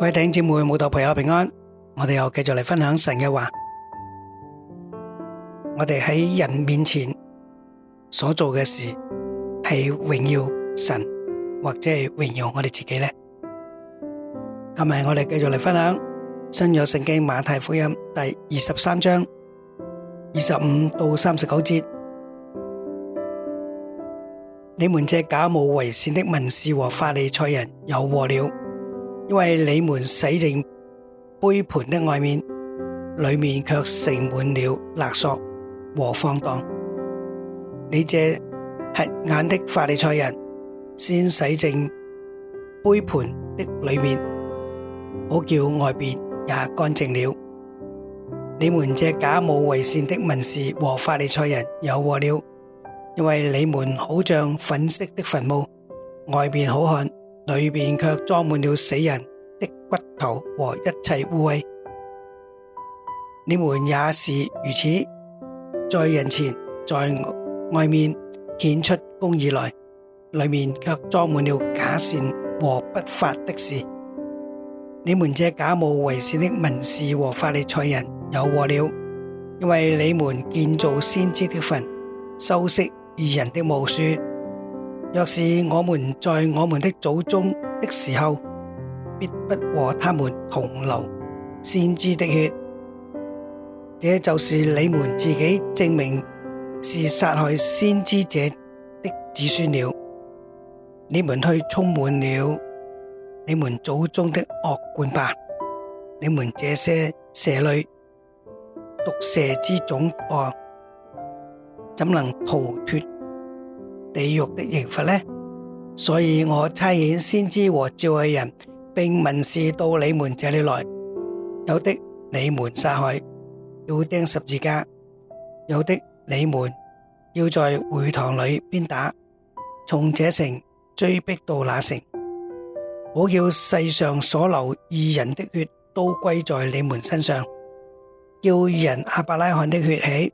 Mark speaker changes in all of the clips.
Speaker 1: 各位弟兄姊妹、信徒朋友平安，我哋又繼續嚟分享神嘅話。我哋喺人面前所做嘅事，係榮耀神，或者係榮耀我哋自己呢？今日我哋繼續嚟分享新約聖經馬太福音第二十三章二十五到三十九節：你們這假冒為善的文士和法利賽人，有禍了。因為你們洗淨杯盤的外面，裏面卻盛滿了勒索和放蕩。你這瞎眼的法利賽人，先洗淨杯盤的裏面，好叫外面也乾淨了。你們這假冒為善的文士和法利賽人，有禍了，因為你們好像粉飾的墳墓，外面好看。裏面卻裝滿了死人的骨頭和一切污穢，你們也是如此，在人前在外面顯出公義來，裏面卻裝滿了假善和不法的事。你們這假冒為善的文士和法利賽人，有禍了，因為你們建造先知的墳，修飾義人的墓穴。若是我們在我們的祖宗的時候，必不和他們同流先知的血，這就是你們自己證明是殺害先知者的子孫了。你們去充滿了你們祖宗的惡貫吧！你們這些蛇類毒蛇之種啊，怎能逃脫？地獄的刑罰呢？所以我差遣先知和智慧人，並文士到你們這裏來，有的你們殺害，要釘十字架；有的你們要在會堂裏鞭打，從這城追逼到那城。我叫世上所流義人的血都歸在你們身上，叫義人亞伯拉罕的血起，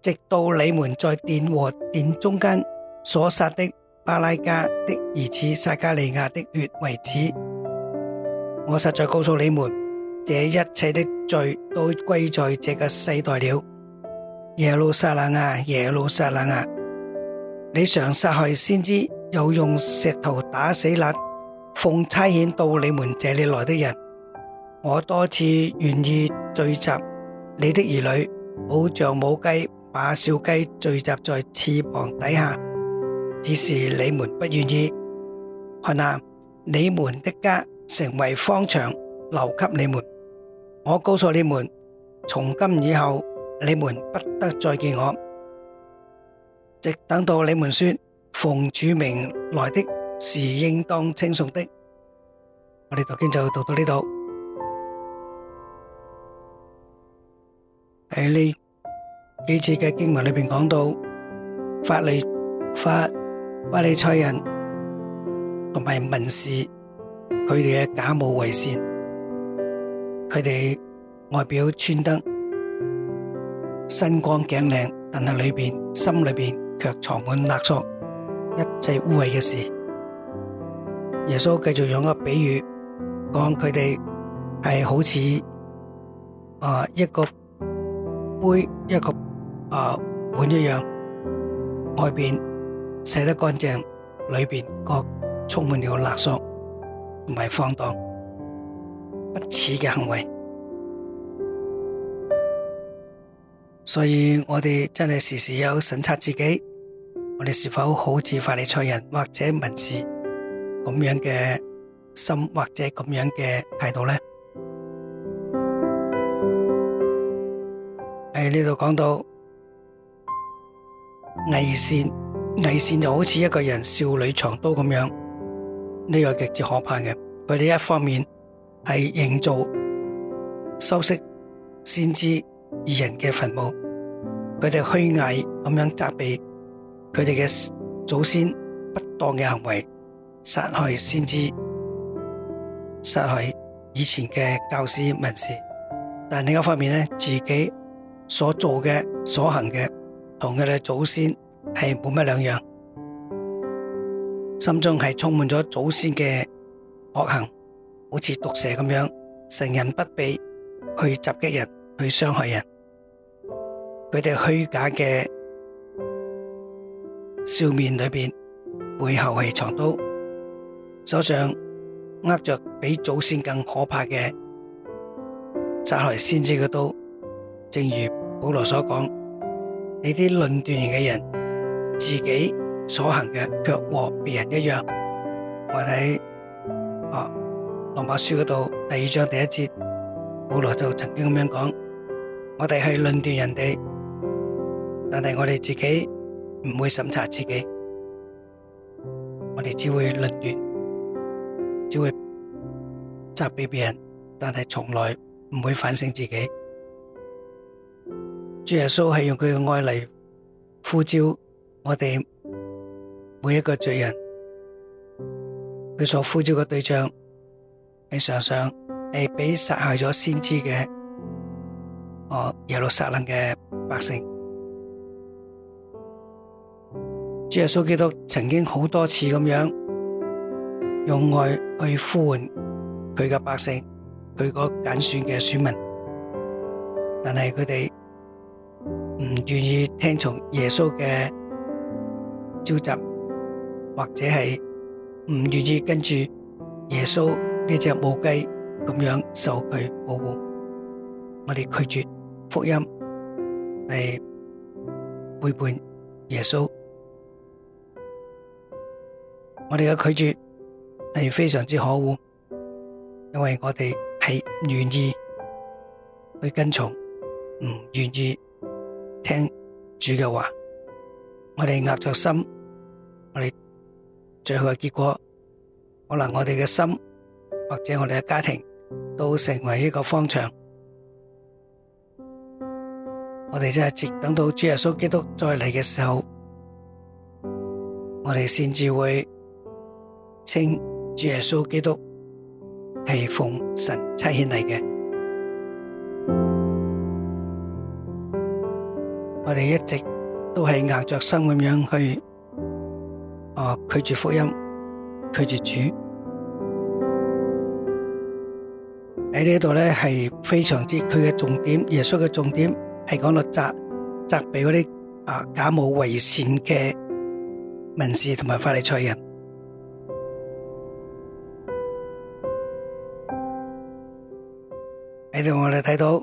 Speaker 1: 直到你們在殿和殿中間所殺的巴拉加的兒子撒加利亞的血為止。我實在告訴你們，這一切的罪都歸在這個世代了。耶路撒冷啊，耶路撒冷啊，你常殺害先知，又用石頭打死那奉差遣到你們這裏來的人。我多次願意聚集你的兒女，好像母雞把小雞聚集在翅膀底下。只是你們不願意，看哪！你們的家成為荒場，留給你們。我告訴你們，從今以後，你們不得再見我。直等到你們說，奉主名來的是應當稱頌的。我哋讀經就讀到呢度。喺呢幾次嘅經文裏邊講到，法利賽。法利賽人同埋文士，佢哋嘅假冒為善，佢哋外表穿得身光頸靚，但係裏邊心裏邊卻藏滿勒索，一切污穢嘅事。耶穌繼續用一個比喻，講佢哋係好似啊、呃、一個杯一個啊、呃、碗一樣，外邊。洗得乾淨，裏邊各充滿了勒索，同埋放蕩不恥嘅行為，所以我哋真係時時有審察自己，我哋是否好似法利賽人或者文士咁樣嘅心或者咁樣嘅態度呢？喺呢度講到偽善。偽善就好似一個人少女藏刀咁樣，呢、這個極之可怕嘅。佢哋一方面係營造、修飾先知二人嘅墳墓，佢哋虛偽咁樣責備佢哋嘅祖先不當嘅行為，殺害先知，殺害以前嘅教師文士。但係另一方面咧，自己所做嘅、所行嘅，同佢哋嘅祖先。係冇乜兩樣，心中係充滿咗祖先嘅惡行，好似毒蛇咁樣，成人不備去襲擊人，去傷害人。佢哋虛假嘅笑面裏面，背後係藏刀，手上握着比祖先更可怕嘅殺害先知嘅刀。正如保羅所講，你啲論斷型嘅人。自己所行嘅，卻和別人一樣。我睇啊，羅馬書嗰度第二章第一節，保羅就曾經咁樣講：我哋係論斷人哋，但係我哋自己唔會審查自己，我哋只會論斷，只會責備別人，但係從來唔會反省自己。主耶穌係用佢嘅愛嚟呼召。我哋每一個罪人，佢所呼召嘅對象，你常常係俾殺害咗先知嘅、哦、耶路撒冷嘅百姓。主耶穌基督曾經好多次咁樣用愛去呼喚佢嘅百姓，佢嗰揀選嘅選民，但係佢哋唔願意聽從耶穌嘅。召集，或者係唔願意跟住耶穌呢隻母雞咁樣受佢保護，我哋拒絕福音，係背叛耶穌。我哋嘅拒絕係非常之可惡，因為我哋係唔願意去跟從，唔願意聽主嘅話，我哋壓着心。我哋最後嘅結果，可能我哋嘅心或者我哋嘅家庭都成為一個方場。我哋真係直等到主耶穌基督再嚟嘅時候，我哋先至會稱主耶穌基督係奉神差遣嚟嘅。我哋一直都係硬著心咁樣去。拒絕福音，拒絕主。喺呢度咧，係非常之佢嘅重點。耶穌嘅重點係講到責責備嗰啲啊假冒為善嘅民事同埋法利賽人。喺度我哋睇到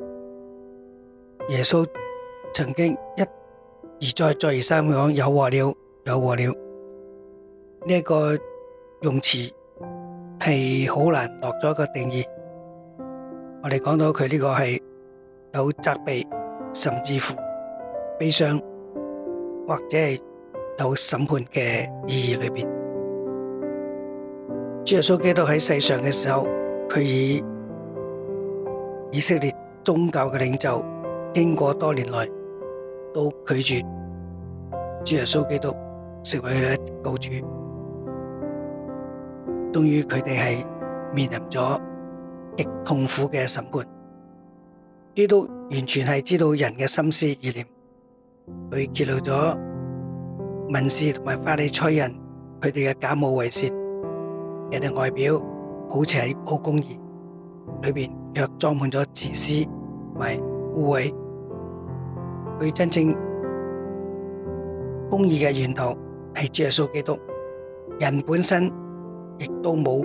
Speaker 1: 耶穌曾經一而再再而三咁講有禍了，有禍了。呢一個用詞係好難落咗一個定義。我哋講到佢呢個係有責備，甚至乎悲傷，或者係有審判嘅意義裏面，主耶穌基督喺世上嘅時候，佢以以色列宗教嘅領袖，經過多年來都拒絕主耶穌基督成為嘅救主。終於佢哋係面臨咗極痛苦嘅審判。基督完全係知道人嘅心思意念，佢揭露咗文士同埋法利賽人佢哋嘅假冒偽善。人哋外表好似係好公義，裏面卻裝滿咗自私同埋污穢。佢真正公義嘅源頭係主耶穌基督。人本身。亦都冇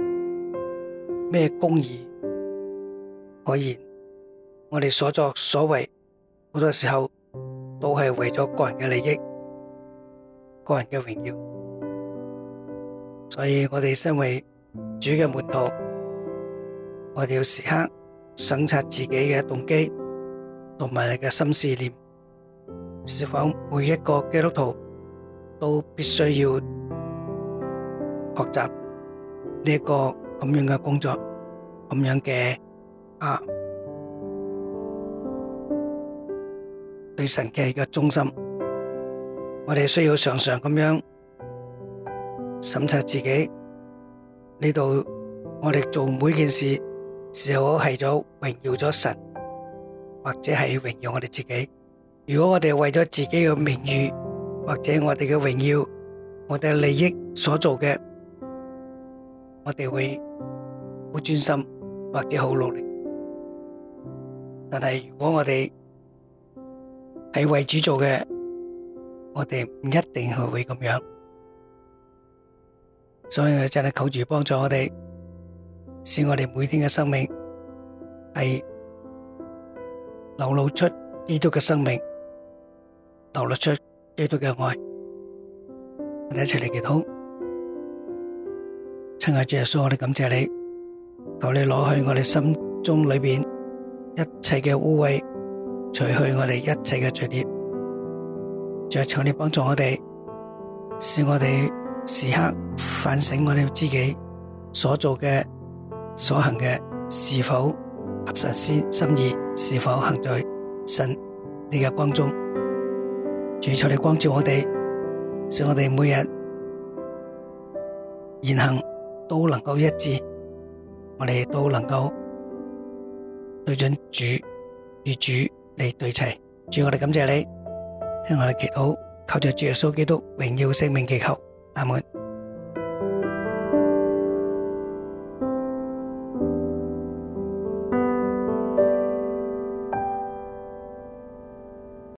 Speaker 1: 咩公義可言，我哋所作所為好多時候都係為咗個人嘅利益，個人嘅榮耀，所以我哋身為主嘅門徒，我哋要時刻審察自己嘅動機同埋你嘅心思念，是否每一個基督徒都必須要學習。呢一個咁樣嘅工作，咁樣嘅啊，對神嘅一個忠心，我哋需要常常咁樣審查自己呢度，我哋做每件事是否係咗榮耀咗神，或者係榮耀我哋自己？如果我哋為咗自己嘅名譽，或者我哋嘅榮耀、我哋嘅利益所做嘅，我哋會好專心或者好努力，但係如果我哋係為主做嘅，我哋唔一定係會咁樣。所以我哋真係求主幫助我哋，使我哋每天嘅生命係流露出基督嘅生命，流露出基督嘅愛。我哋一齊嚟祈禱。親愛主耶穌，我哋感謝你，求你攞去我哋心中裏邊一切嘅污穢，除去我哋一切嘅罪孽，再求你幫助我哋，使我哋時刻反省我哋自己所做嘅，所行嘅是否合神心意，是否行在神你嘅光中，主求你光照我哋，使我哋每日言行。都能夠一致，我們都能夠對準主，與主，嚟對齊。